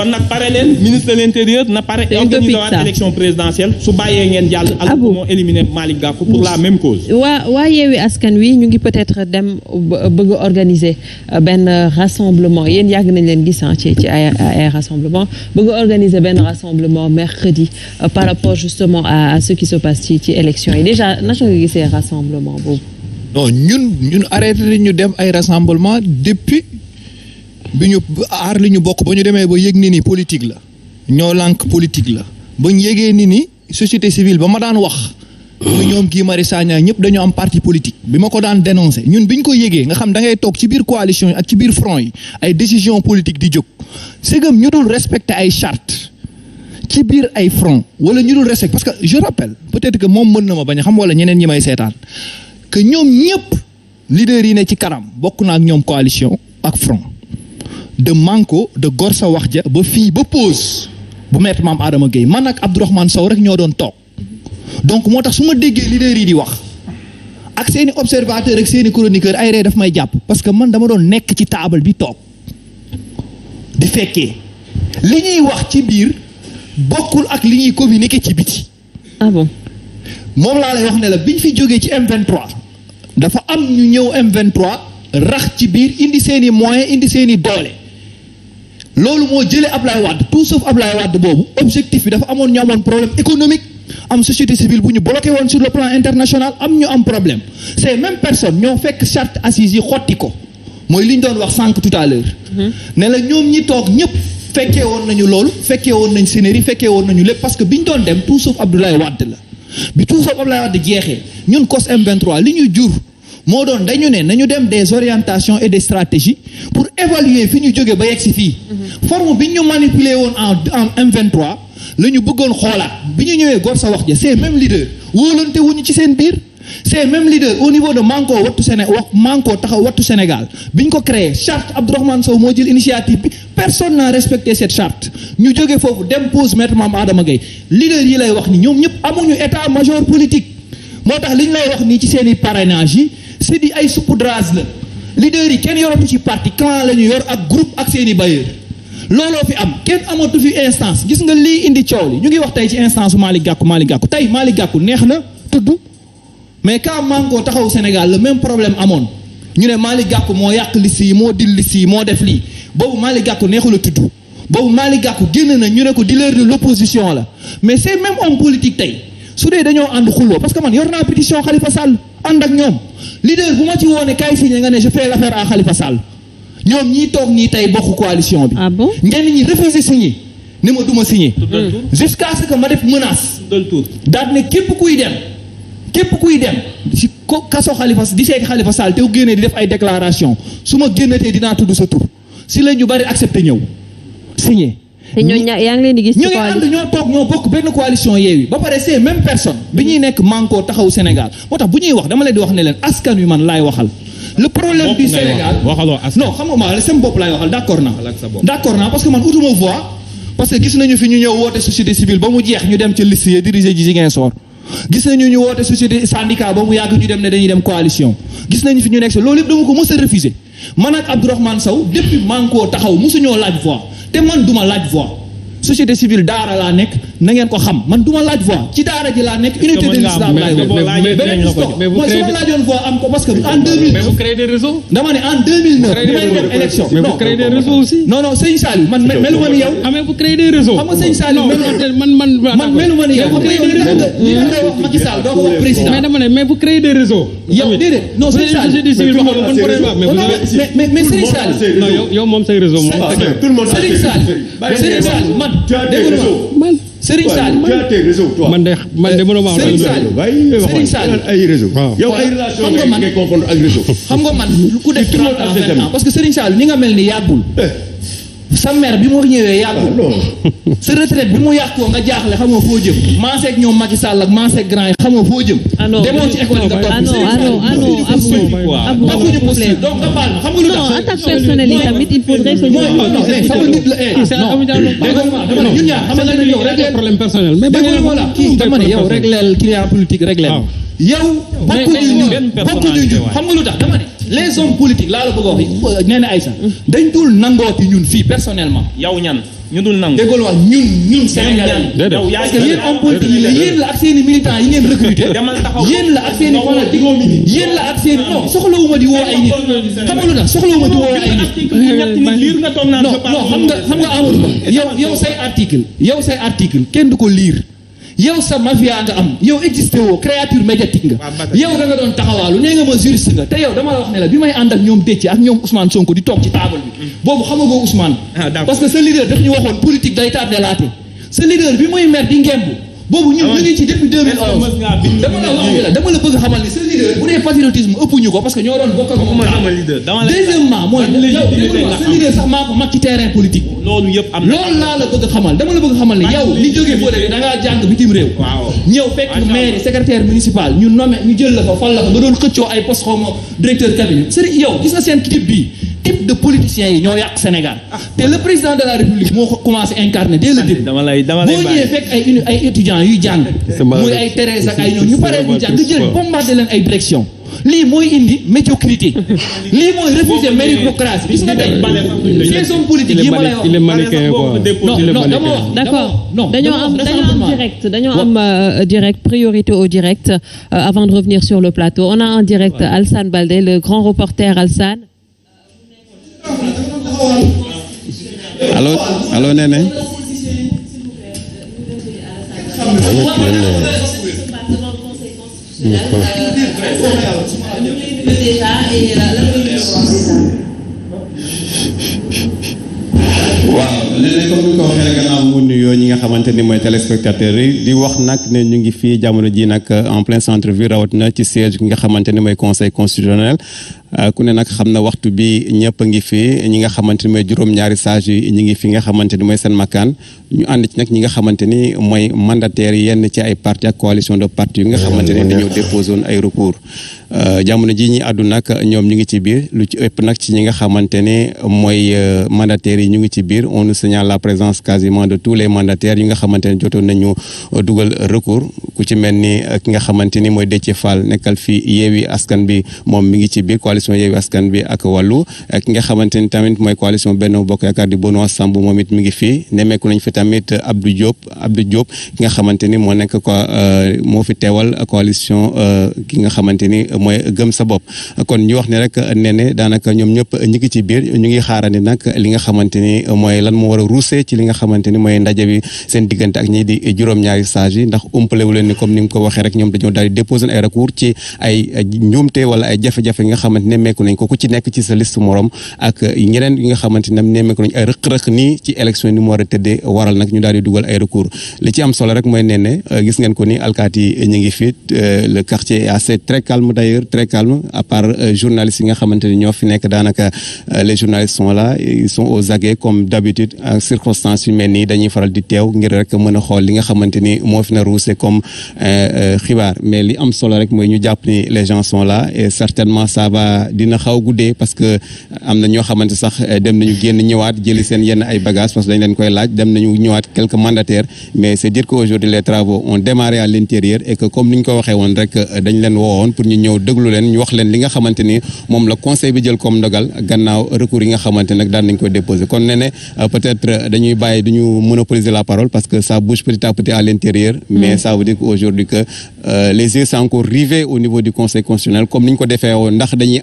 kon nag pare leen ministre de l' intérieur na pare élection présidentielle su bàyyee ngeen jàll alors ah moo éliminé Malick pour la même cause waa waa yeewi askan wi ñu ngi peut-être dem bëgg organiser euh, benn rassemblement yéen yàgg nañ leen gis ah, ci ci ay ay rassemblement bëgg organiser benn rassemblement mercredi euh, par rapport justement à ce qui se passe ci ci élection yi déjà naka nga gisee rassemblement boobu non ñun ñun arrêté ñu dem ay rassemblement depuis bi ñu aar li ñu bokk ba ñu demee ba yëg ni ni politique la ñoo lànk politique la ba ñu yëgee ni ni société civile ba ma daan wax muy ñoom Guy Marius Sagna ñëpp dañoo am parti politique bi ma ko daan dénoncé ñun bi ñu ko yëgee nga xam da ngay toog ci biir coalition yi ak ci biir front yi ay décision politique di jog sëgam ñu dul respecté ay charte ci biir ay front wala ñu dul respecté parce que je rappelle peut-être que moom mën na ma bañ a xam wala ñeneen ñi may seetaan que ñoom ñëpp leader yi ne ci kanam bokk naa ak ñoom coalition de Manko de gor sa wax ja ba fii ba pause bu maître maam Adama Gueye man ak Abdourahmane Sow rek ñoo doon toog donc moo tax su ma déggee leader yi di wax ak seeni observateur ak seeni chroniqueur ay ree daf may jàpp parce que man dama doon nekk ci taabal bi toog di fekkee li ñuy wax ci biir bokkul ak li ñuy communiquer ci biti ah moom laa lay wax ne la biñ fi jógee ci M23 dafa am ñu ñëw M23 rax ci biir indi seeni moyens indi seeni doole loolu moo jëlee Ablaye Wade tout sauf Ablaye Wade boobu objectif bi dafa amoon ñu amoon problème économique am société civile bu ñu bloqué woon sur le plan international am ñu am problème ces mêmes personne ñoo fekk charte assise yi xotti ko mooy li ñu doon wax sànq tout à l'heure mhm. ne la ñoom ñi toog ñëpp fekkee woon nañu loolu fekkee woon nañ scénario fekkee woon nañu lépp parce que bi ñu doon dem tout sauf Abdoulaye Wade la bi tout sauf Abdoulaye Wade jeexee ñun COS m li ñuy jur moo doon dañu ne nañu dem des orientations et des stratégies pour évaluer fi ñu jóge ba yegg si fii mhm. forme bi ñu manipuler woon en en M23 la ñu bëggoon xoolaat bi ñu ñëwee góor sa wax ja ces même leaders wóolante wuñu ci seen biir ces même leaders au niveau de Manko wattu Séné wax Manko taxaw wattu Sénégal bi ñu ko créé charte Abdourahmane Sow moo jël initiative bi personne n'a respecté cette charte ñu jóge foofu dem pose maître Mame Adama Gueye leaders yi lay wax ni ñoom ñëpp amuñu état major politique moo tax li ñu lay wax nii ci seen i parrainage c'est di ay saupoudrage la leader yi kenn yoratu ci parti clan la yor ak groupe ak seen i looloo fi am kenn amatu fi instance gis nga lii indi coow li ñu ngi wax tey ci instance Malick Gakou Malick Gakou tey Malick Gakou neex na tudd mais quand Manko taxaw Sénégal la même problème amoon ñu ne Malick Gakou moo yàq liste yi moo dil liste moo def lii boobu Malick Gakou neexul a tudd boobu Malick Gakou génn na ñu ne ko leader de l'opposition la mais c'est même homme politique tey su dee dañoo ànd xuloo parce ànd ak ñoom leader bu ma ci woone kaay signé nga ne je fais l'affaire à Khalifa Sall ñoom ñii toog nii tey bokk coalition bi. ah bon ñenn ñi refusé signé ne ma du ma signé. Mm. jusqu'à ce que ma def menace. daal ne képp kuy dem. képp kuy dem si ko kaso Khalifa di seeg Khalifa Sall te génnee di def ay déclaration su ma te dinaa tudd sa tur si la ñu bari accepté ñëw signé. te ñooñu yaa ngi leen di gis. ci coalition ñu ngi ànd ñoo toog ñoo bokk benn coalition Yewwi ba pare c'est même personne bi ñuy nekk Manko taxaw Sénégal moo tax bu ñuy wax dama leen di wax ne leen askan wi man laay waxal. le problème du Sénégal waxaloo askan non xam nga bopp laay waxal d'accord naa. d'accord naa parce que man utuma voix. parce que gis nañu fi ñu ñëw woote société civile ba mu jeex ñu dem ca liste ya dirigé ji Ziguinchor gis nañu ñu woote société syndicat ba mu yàgg ñu dem ne dañuy fi ñu nekk si loolu yëpp dama a refusé man ak Abdourahmane Sow laaj voix te man duma laaj voix société civile daara laa nekk na ngeen ko xam man du ma laaj voix ci daara ji laa nekk unité de l'islam laay mais mooy su ma laajoon voix am ko parce que bu may dem yow. ah mais vous créez yow. mais yow li nga yow déedéet non sëñ Saliou. Serigne Saliou man de man de mënuma wax Serigne Saliou nga man ngay confondre ak réseau xam parce que Serigne ni nga mel ni yàggul eh. sa mère bi mu ñëwee yàqu sa retraite bi mu yàqoo nga jaaxle xamoo foo jëm maaseeg ñoom Macky Sall ak maaseeg grand yi ci école nga topp donc nga baal mais kii dama ne yow régleel client politique régleel ah. yow bokkuñu ñu ñu xam nga lu tax dama ne les hommes politiques laa la bëgg a wax mm-hmm. nee na Aïssa mm-hmm. dañ dul nangooti ñun fii personnellement. yow ñan ñu dul nangu. déggoo wax ñun ñun Sénégal. yow yaa ngi parce que yéen hommes politiques yi yéen la ak seen i militants yi ngeen recruté. yéen la ak seen i xoolal yéen la ak seen i ah. non soxlawuma di woo ay nit. xam nga lu tax di woo ay nit. non non xam nga xam nga Amadou Ba yow yow say article yow say article kenn du ko liir yow sa mafia nga am yow existé woo créature médiatique nga yow da doon taxawaalu nee nga ma juriste nga te yow dama la wax ne bi may ànd ak ñoom Déthié ak ñoom Ousmane Sonko di toog ci table bi mm. boobu xamagoo Ousmane ah, parce sa leader daf ñu waxoon politique day tardé laate sa leader bi muy mer di ngemb boobu ñun ñu ngi ci depuis 2011 dama dama la bëgg xamal ni seen leader bu dee patriotisme ëpp ñu ko parce que ñoo doon bokk ak deuxièmement mooy seen leader sax maa ko mag ci terrain politique loolu am loolu laa la bëgg xamal dama la bëgg xamal ne yow li jógee fële da ngaa jàng bitim réew ñëw fekk maire secrétaire municipal ñu nommé ñu jël la ko fal la ko doon xëccoo ay poste xaw directeur cabinet sëriñ yow gis nga seen clip bii type de politiciens yi ñoo yàq Sénégal te le président de la République moo ko commencé incarner dès le début ay uni ay étudiants yuy jàng muy ay Thérèse ak ay ñoom ñu paree ñu dañoo am dañoo am direct dañoo am euh, euh, direct priorité au direct euh, avant de revenir sur le plateau on a en direct Alsane Baldé le grand reporter Alsane allo allo Néné. waaw léeg-léeg comme ñi nga xamante ni mooy téléspectateurs yi di wax nag ne ñu ngi fii jamono ji nag en plein centre ville rawatina ci siège gi nga xamante ni mooy conseil constitutionnel Euh, ku ne nag xam na waxtu bi ñëpp a ngi fi ñi nga xamante ni mooy juróom-ñaari sages yi ñi ngi fi nga xamante ni mooy seen makkaan ñu ànd ci nag ñi nga xamante ni moy mandataire yenn ci ay parti ak coalition de parti yi nga mmh. xamante ni dañoo mmh. déposé woon ay recours euh, jamono ji ñi àddu nag ñoom ñu ngi ci biir lu ci ëpp nag ci ñi nga xamante ni mooy euh, mandataires yi ñu ngi ci biir on nous signale la présence quasiment de tous les mandataires yi nga xamante ni jotoon nañu dugal recours ku ci mel ni ki nga xamante ni mooy Déthié Fall nekkal fi Yewwi Askan Wi moom mi ngi ci biir coalition Yewwi Askan Wi ak wàllu ki nga ni tamit mooy coalition Benno Bokk Yaakaar di moom it mi fii nemmeeku nañ fi tamit Abdou Diop ki nga xamante ni moo nekk ko euh, moo fi teewal coalition euh, ki nga xamante ni mooy gëm sa bopp kon ñu wax ne rek nee ne daanaka ñoom ñëpp ñu ngi ci biir ñu ngi xaarandi nag li nga xamante ni mooy lan moo war a ruusee ci li nga xamante ni mooy ndaje bi seen diggante ak ñi di juróom-ñaari sages yi ndax umpale wu leen ni comme ni mu ko waxee rek ñoom dañoo daal di déposer ay recours ci ay njuumte wala ay jafe-jafe yi nga xamante nemmeeku nañ ko ku ci nekk ci sa liste morom ak ñeneen nga xamante ne nemmeeku nañ ay rëq-rëq nii ci élection ni mu war a tëddee waral nag ñu daal di dugal ay recours li ci solo rek mooy nee ne euh, gis ngeen ko ni alkaati ñu ngi fi euh, le quartier est assez très calme d'ailleurs très calme à part euh, journalistes yi nga xamante ne ñoo fi nekk daanaka le journalistes sont la ils sont aux aguets comme d'habitude en circonstances yu mel nii dañuy faral di teew ngir rek mën a xool li nga xamante ni moo fi na ruuse comme xibaar mais li am solo rek mooy ñu jàpp ni les gens la et certainement ça voilà dina xaw guddee parce que am na ñoo xamante sax eh, dem nañu génn ñëwaat jëli seen yenn ay bagages parce que dañ leen koy laaj dem nañu ñëwaat quelques mandataires mais c'est dire que aujourd'hui les travaux ont démarré à l'intérieur et que comme ni ko waxee woon rek eh, dañ leen woowoon pour ñu ñëw déglu leen ñu wax leen li nga xamante ni moom la conseil bi jël comme ndogal gannaaw recours yi nga xamante nag daan nañ ko déposer kon ne eh, peut-être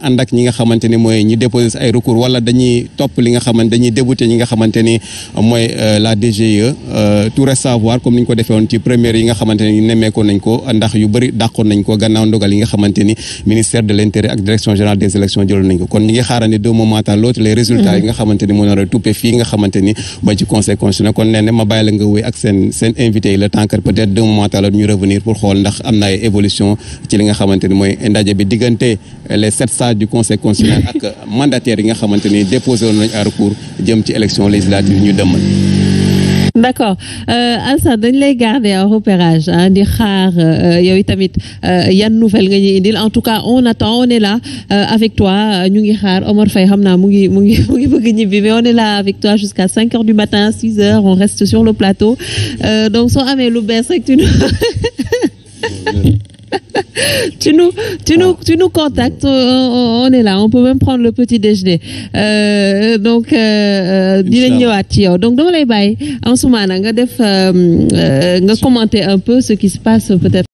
ànd ak ñi nga xamante ni mooy ñi déposer ay recours wala dañuy topp li nga xamante dañuy débouté ñi nga xamante euh, mooy euh, la DGE euh, tout reste à ni ñu ko defee ni nemmeekoon nañ ko ndax nga xamante a tuppe fii nga xamante ni mooy ci conseil constitutionnel kon nee na ma bàyyi la nga wéy ak seen invité yi le temps peut-être deux moments ñu revenir pour xool ndax am na ay ci li nga xamante mooy ndaje bi diggante les sept sages du conseil constitutionnel ak mandataire yi nga xamante ni déposé woon nañu à recours jëm ci élection législative ñu demal. d'accord euh, Alassane dañ lay garder à repérage di xaar euh, yow tamit euh, yan nouvelle nga ñuy indil en tout cas on attend on est là avec toi ñu ngi xaar Omar Faye xam naa mu ngi mu ngi mu ngi bëgg ñibbi mais on est là avec toi jusqu'à cinq heures du matin six heures on reste sur le plateau donc soo amee lu bees rek tu tu nous, tu nous, contact ah. nous contactes. On, on, est là. On peut même prendre le petit déjeuner. Euh, donc, euh, euh, dinañ ñëwaat ci yow donc dama lay bàyyi en ce moment nga def nga commenter un peu ce qui se passe peut-être.